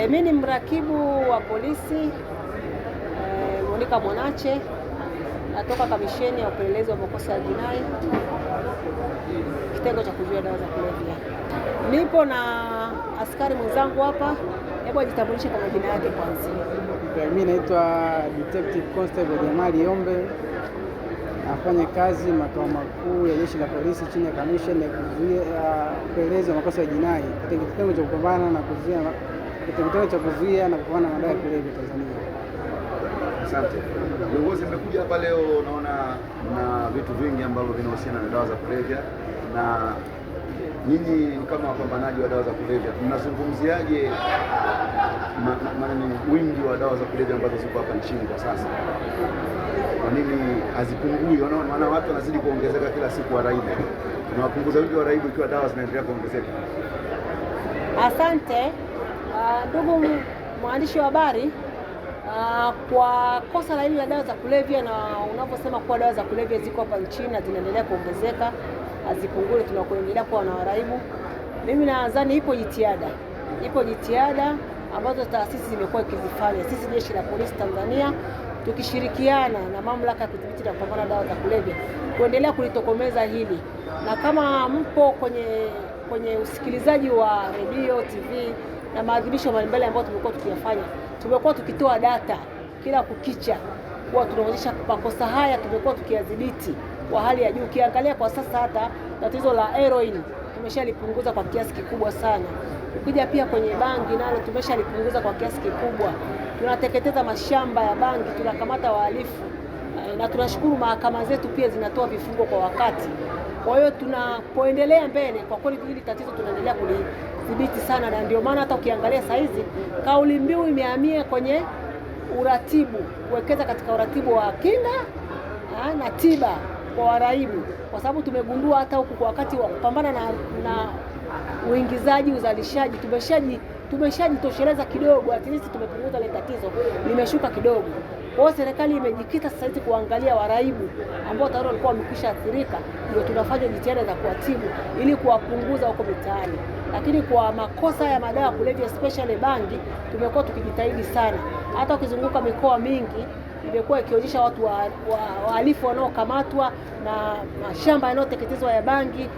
E, ni mrakibu wa polisi e, Monica Mwanache natoka kamisheni ya upelelezi wa makosa ya jinai kitengo cha kuzuia dawa za kulevya. Nipo na askari mwenzangu hapa, hebu ajitambulishe kwa majina yake kwanza. Eh, mimi naitwa Detective Constable Jamali Ombe, nafanya kazi makao makuu ya jeshi la polisi chini ya kamisheni ya kuzuia upelelezi wa makosa ya jinai, kitengo cha kupambana na kuzuia kitendo cha kuzuia na kupambana na madawa ya kulevya Tanzania. Asante viongozi, mmekuja hapa leo, naona na vitu vingi ambavyo vinahusiana na dawa za kulevya, na nyinyi kama wapambanaji wa dawa za kulevya mnazungumziaje wingi wa dawa za kulevya ambazo ziko hapa nchini kwa sasa? Kwa nini hazipungui? Maana watu wanazidi kuongezeka kila siku, waraibu tunawapunguza wingi wa raibu, ikiwa dawa zinaendelea kuongezeka. Asante. Ah, ndugu mwandishi wa habari, ah, kwa kosa la hili la dawa za kulevya, na unaposema kuwa dawa za kulevya ziko hapa nchini na zinaendelea kuongezeka, hazipungui, tunakuendelea kuwa na waraibu, mimi nadhani ipo jitihada, ipo jitihada ambazo taasisi zimekuwa ikizifanya. Sisi jeshi la polisi Tanzania tukishirikiana na mamlaka ya kudhibiti na kupambana dawa za kulevya kuendelea kulitokomeza hili, na kama mpo kwenye kwenye usikilizaji wa redio, TV na maadhimisho mbalimbali ambayo tumekuwa tukiyafanya. Tumekuwa tukitoa data kila kukicha kwa tunaonyesha makosa haya tumekuwa tukiyadhibiti kwa hali ya juu. Ukiangalia kwa sasa hata tatizo la heroin tumeshalipunguza kwa kiasi kikubwa sana. Ukija pia kwenye bangi nalo tumeshalipunguza kwa kiasi kikubwa. Tunateketeza mashamba ya bangi, tunakamata wahalifu eh, na tunashukuru mahakama zetu pia zinatoa vifungo kwa wakati. Kwa hiyo tunapoendelea mbele, kwa kweli hili tatizo tunaendelea kuli thabiti sana, na ndio maana hata ukiangalia saa hizi kauli mbiu imehamia kwenye uratibu, kuwekeza katika uratibu wa kinga na tiba kwa waraibu, kwa sababu tumegundua hata huku kwa wakati wa kupambana na, na uingizaji uzalishaji tumeshaji tumeshajitosheleza kidogo, at least tumepunguza ile tatizo limeshuka kidogo. Kwa hiyo serikali imejikita sasa hivi kuangalia waraibu ambao tayari walikuwa wamekwisha athirika, ndio tunafanya jitihada za kuwatibu ili kuwapunguza huko mitaani. Lakini kwa makosa ya madawa ya kulevya especially bangi, tumekuwa tukijitahidi sana, hata ukizunguka mikoa mingi imekuwa ikionyesha watu wahalifu wa, wa, wanaokamatwa na mashamba yanayoteketezwa ya bangi.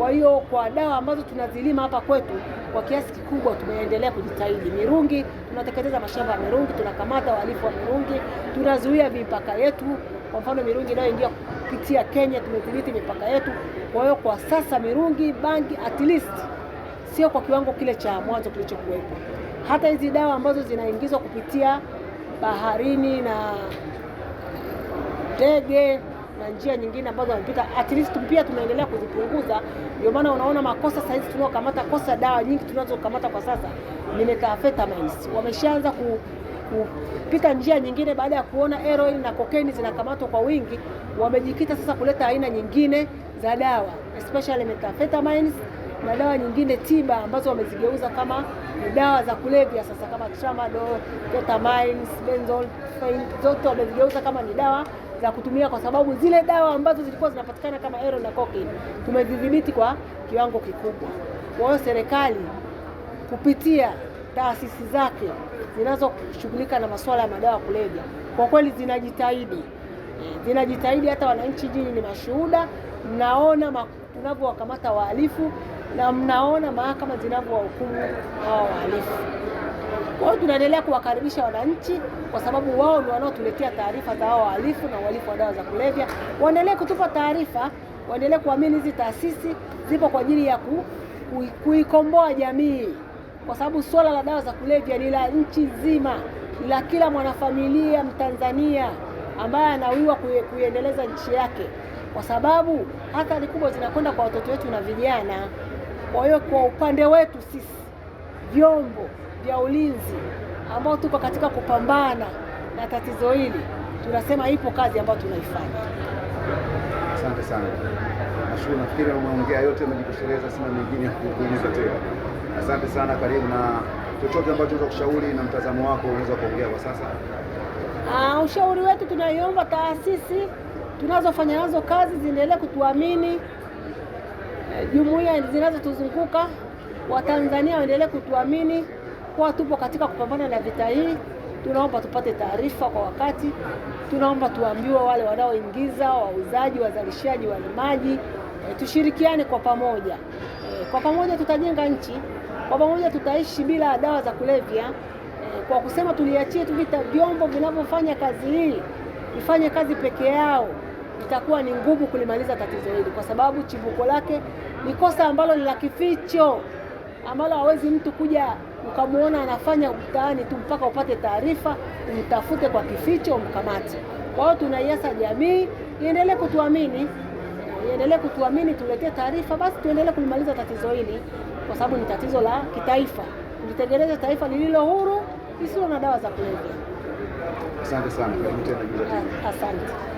Kwa hiyo kwa dawa ambazo tunazilima hapa kwetu, kwa kiasi kikubwa tumeendelea kujitahidi. Mirungi, tunateketeza mashamba ya mirungi, tunakamata wahalifu wa mirungi, tunazuia mipaka yetu. Kwa mfano mirungi inayoingia kupitia Kenya, tumedhibiti mipaka yetu. Kwa hiyo kwa sasa mirungi, bangi, at least sio kwa kiwango kile cha mwanzo kilichokuwepo. Hata hizi dawa ambazo zinaingizwa kupitia baharini na ndege na njia nyingine ambazo wanapita, at least pia tunaendelea kuzipunguza. Ndio maana unaona makosa sasa hivi tunaokamata kosa dawa nyingi tunazokamata kwa sasa ni methamphetamines. Wameshaanza ku kupita njia nyingine baada ya kuona heroin na cocaine zinakamatwa kwa wingi, wamejikita sasa kuleta aina nyingine za dawa especially methamphetamines na dawa nyingine tiba ambazo wamezigeuza kama dawa za kulevya sasa, kama tramadol, ketamine, benzodiazepines zote wamezigeuza kama ni dawa za kutumia, kwa sababu zile dawa ambazo zilikuwa zinapatikana kama heroin na cocaine tumezidhibiti kwa kiwango kikubwa. Kwa hiyo serikali kupitia taasisi zake zinazoshughulika na masuala ya madawa kulevya kwa kweli zinajitahidi, e, zinajitahidi. Hata wananchi jini ni mashuhuda, mnaona tunavyowakamata wahalifu na mnaona mahakama zinavyowahukumu hawa wahalifu. Kwa hiyo tunaendelea kuwakaribisha wananchi, kwa sababu wao ndio wanaotuletea taarifa za hao wahalifu na uhalifu wa dawa za kulevya. Waendelee kutupa taarifa, waendelee kuamini hizi taasisi zipo kwa ajili ya ku, ku, kuikomboa jamii, kwa sababu swala la dawa za kulevya ni la nchi nzima, ni la kila mwanafamilia Mtanzania ambaye anawiwa kuiendeleza nchi yake, kwa sababu athari kubwa zinakwenda kwa watoto wetu na vijana. Kwa hiyo kwa upande wetu sisi vyombo vya ulinzi ambao tuko katika kupambana na tatizo hili, tunasema ipo kazi ambayo tunaifanya. Asante sana. Nashukuru, nafikiri umeongea yote, umejitosheleza, sina mengine ya kuuliza tena. Asante sana, karibu na chochote ambacho unaweza kushauri na mtazamo wako unaweza kuongea kwa sasa. Ah, ushauri wetu tunaiomba taasisi tunazofanya nazo kazi ziendelee kutuamini, eh, jumuiya zinazotuzunguka, Watanzania waendelee kutuamini kuwa tupo katika kupambana na vita hii. Tunaomba tupate taarifa kwa wakati, tunaomba tuambiwe wale wanaoingiza, wauzaji, wazalishaji, walimaji, e, eh, tushirikiane kwa pamoja e, kwa pamoja tutajenga nchi, kwa pamoja tutaishi bila dawa za kulevya e, kwa kusema tuliachie tu vita, vyombo vinavyofanya kazi hii ifanye kazi peke yao, itakuwa ni ngumu kulimaliza tatizo hili, kwa sababu chimbuko lake ni kosa ambalo ni la kificho ambalo hawezi mtu kuja ukamwona anafanya mtaani tu mpaka upate taarifa, umtafute kwa kificho, mkamate. Kwa hiyo tunaiasa jamii iendelee kutuamini, iendelee kutuamini, tuletee taarifa, basi tuendelee kulimaliza tatizo hili, kwa sababu ni tatizo la kitaifa. Tulitengeneze taifa lililo huru, lisilo na dawa za kulevya. Asante sana. Asante.